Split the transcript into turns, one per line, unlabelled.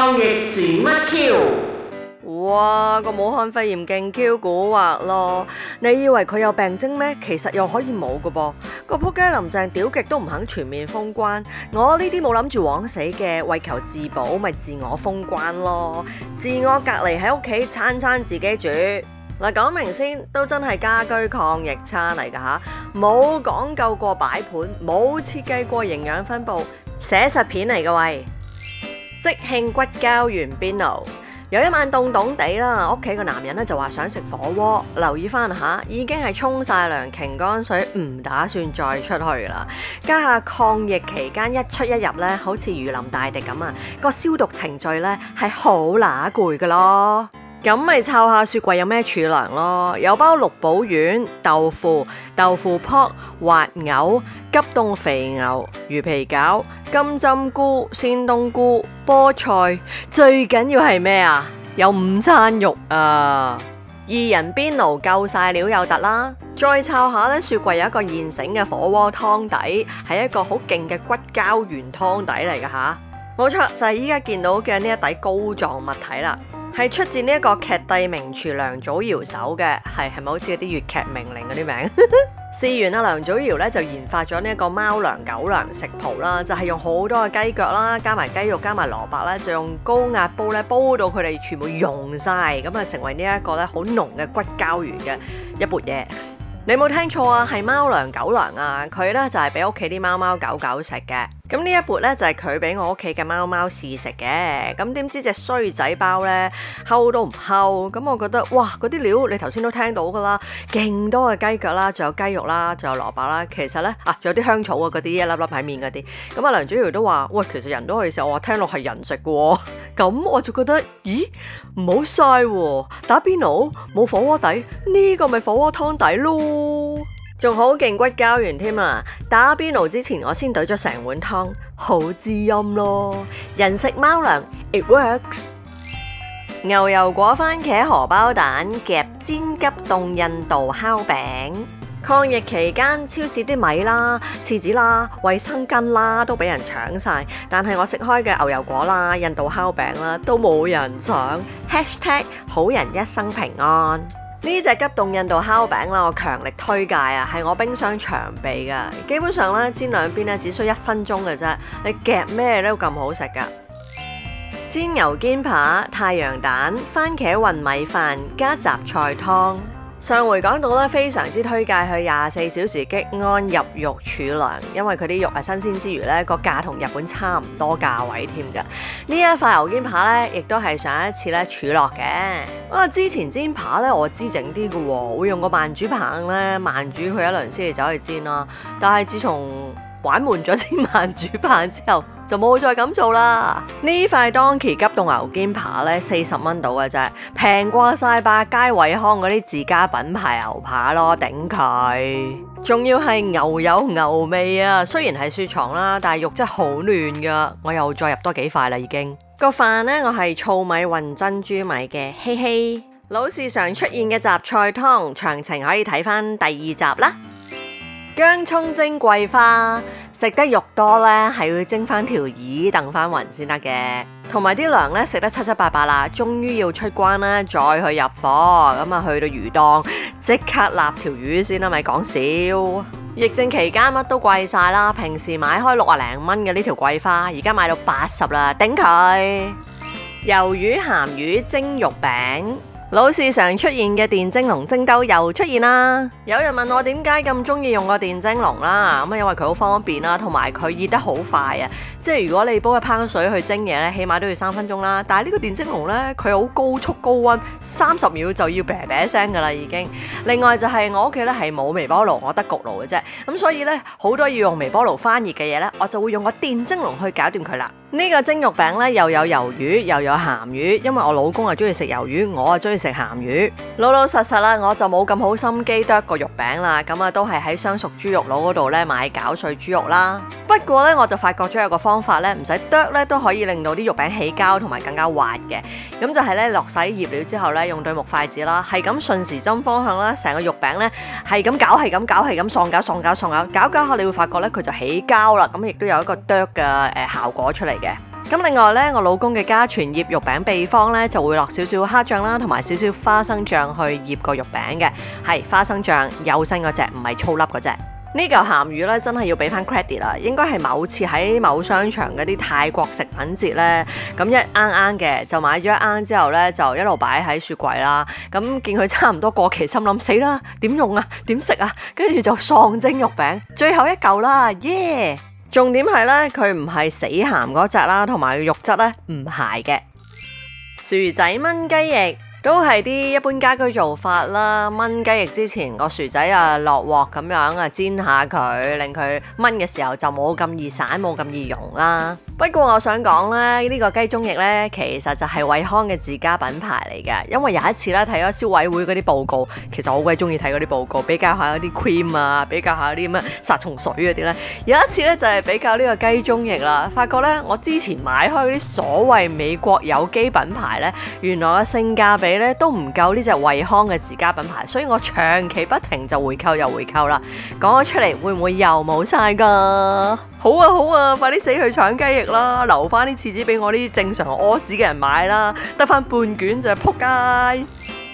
抗疫煮乜 Q？哇，個武漢肺炎勁 Q 蠱惑咯！你以為佢有病徵咩？其實又可以冇噶噃。個撲街林鄭屌極都唔肯全面封關，我呢啲冇諗住枉死嘅，為求自保咪自我封關咯，自我隔離喺屋企餐餐自己煮。嗱，講明先都真係家居抗疫餐嚟噶吓，冇講究過擺盤，冇設計過營養分布，寫實片嚟嘅喂。即興骨膠原邊爐。有一晚凍凍地啦，屋企個男人咧就話想食火鍋。留意翻吓，已經係沖晒涼、擎乾水，唔打算再出去啦。加下抗疫期間一出一入咧，好似如臨大敵咁啊！個消毒程序咧係好乸攰噶咯。咁咪抄下雪櫃有咩儲糧咯？有包六寶丸、豆腐、豆腐泡、滑藕、急凍肥牛、魚皮餃、金針菇、鮮冬菇、菠菜，最緊要係咩啊？有午餐肉啊！二人邊爐夠晒料又得啦！再抄下咧，雪櫃有一個現成嘅火鍋湯底，係一個好勁嘅骨膠原湯底嚟噶吓，冇、啊、錯就係依家見到嘅呢一底膏狀物體啦。係出自呢一個劇帝名廚梁祖堯手嘅，係係咪好似啲粵劇名伶嗰啲名，名？試 完啊，梁祖堯呢，就研發咗呢一個貓糧、狗糧食譜啦，就係、是、用好多嘅雞腳啦，加埋雞肉，加埋蘿蔔啦，就用高壓煲咧煲，煲到佢哋全部溶晒，咁啊成為呢一個咧好濃嘅骨膠原嘅一缽嘢。你冇聽錯啊，係貓糧、狗糧啊，佢呢，就係俾屋企啲貓貓狗狗食嘅。咁呢一撥咧就係佢俾我屋企嘅貓貓試食嘅，咁點知隻衰仔包呢？摳都唔摳，咁我覺得哇，嗰啲料你頭先都聽到噶啦，勁多嘅雞腳啦，仲有雞肉啦，仲有蘿蔔啦，其實呢，啊，仲有啲香草啊，嗰啲一粒粒喺面嗰啲，咁阿梁祖堯都話，哇，其實人都可以食，我話聽落係人食嘅、哦，咁 我就覺得，咦，唔好晒喎，打邊爐冇火鍋底，呢、這個咪火鍋湯底咯。仲好勁骨膠原添啊！打邊爐之前，我先懟咗成碗湯，好滋陰咯。人食貓糧，It works。 牛油果、番茄、荷包蛋、夾煎急凍印度烤餅。抗疫期間，超市啲米啦、廁紙啦、衛生巾啦都俾人搶晒，但係我食開嘅牛油果啦、印度烤餅啦都冇人搶。 Hashtag 好人一生平安呢隻急凍印度烤餅我強力推介啊，係我冰箱長備噶。基本上咧，煎兩邊只需一分鐘嘅啫，你夾咩都咁好食噶。 煎牛肩扒，太陽蛋，番茄混米飯加雜菜湯。上回講到咧，非常之推介去廿四小時激安入肉儲糧，因為佢啲肉係新鮮之餘咧，個價同日本差唔多價位添噶。呢一塊牛肩扒咧，亦都係上一次咧儲落嘅。我、啊、之前煎扒咧，我知整啲嘅，會用個慢煮棒咧慢煮佢一輪先至走去煎啦。但係自從玩悶咗先慢煮飯之後，就冇再咁做啦。呢塊當期急凍牛肩扒呢，四十蚊到嘅啫，平過晒百佳惠康嗰啲自家品牌牛扒咯，頂佢。仲要係牛有牛味啊！雖然係雪藏啦，但係肉真係好嫩噶。我又再入多幾塊啦，已經。個飯呢，我係糙米混珍珠米嘅，嘿嘿。老是常出現嘅雜菜湯，詳情可以睇翻第二集啦。薑蔥蒸桂花，食得肉多呢係要蒸翻條魚，燉翻勻先得嘅。同埋啲糧呢，食得七七八八啦，終於要出關啦，再去入貨，咁啊去到魚檔，即刻立條魚先啦，咪講笑。 疫症期間乜都貴晒啦，平時買開六啊零蚊嘅呢條桂花，而家買到八十啦，頂佢。魷 魚鹹魚蒸肉餅。老是常出現嘅電蒸籠蒸兜又出現啦！有人問我點解咁中意用個電蒸籠啦？咁啊，因為佢好方便啦，同埋佢熱得好快啊！即係如果你煲個烹水去蒸嘢咧，起碼都要三分鐘啦。但係呢個電蒸籠咧，佢好高速高溫，三十秒就要啤啤聲噶啦已經。另外就係我屋企咧係冇微波爐，我得焗爐嘅啫。咁所以咧，好多要用微波爐翻熱嘅嘢咧，我就會用個電蒸籠去搞掂佢啦。呢個蒸肉餅呢，又有魷魚又有鹹魚，因為我老公啊中意食魷魚，我啊中意食鹹魚。老老實實啦，我就冇咁好心機剁個肉餅啦，咁啊都係喺相熟豬肉佬嗰度呢買攪碎豬肉啦。不過呢，我就發覺咗有個方法呢，唔使剁呢都可以令到啲肉餅起膠同埋更加滑嘅。咁就係呢，落晒啲醃料之後呢，用對木筷子啦，係咁順時針方向啦，成個肉餅呢，係咁攪係咁攪係咁喪攪喪攪喪攪攪攪下，你會發覺呢，佢就起膠啦，咁亦都有一個剁嘅誒效果出嚟。咁另外呢，我老公嘅家傳醃肉餅秘方呢，就會落少少蝦醬啦，同埋少少花生醬去醃個肉餅嘅，係花生醬幼身嗰隻，唔係粗粒嗰隻。呢嚿鹹魚呢，真係要俾翻 credit 啦，應該係某次喺某商場嗰啲泰國食品節呢，咁一啱啱嘅就買咗一啱之後呢，就一路擺喺雪櫃啦。咁見佢差唔多過期心，心諗死啦，點用啊？點食啊？跟住就喪蒸肉餅，最後一嚿啦，耶、yeah!！重點係咧，佢唔係死鹹嗰隻啦，同埋肉質咧唔柴嘅。薯仔炆雞翼都係啲一般家居做法啦。炆雞翼之前個薯仔啊落鑊咁樣啊煎下佢，令佢炆嘅時候就冇咁易散，冇咁易溶啦。不過我想講咧，呢個雞中翼呢，其實就係惠康嘅自家品牌嚟噶。因為有一次咧，睇咗消委會嗰啲報告，其實我好鬼中意睇嗰啲報告，比較下嗰啲 cream 啊，比較下嗰啲咩殺蟲水嗰啲呢。有一次呢，就係比較呢個雞中翼啦，發覺呢，我之前買開啲所謂美國有機品牌呢，原來嘅性價比呢都唔夠呢隻惠康嘅自家品牌，所以我長期不停就回購就回購啦。講咗出嚟，會唔會又冇晒噶？好啊好啊，快啲死去搶雞翼啦！留返啲廁紙俾我啲正常屙屎嘅人買啦，得返半卷就係撲街。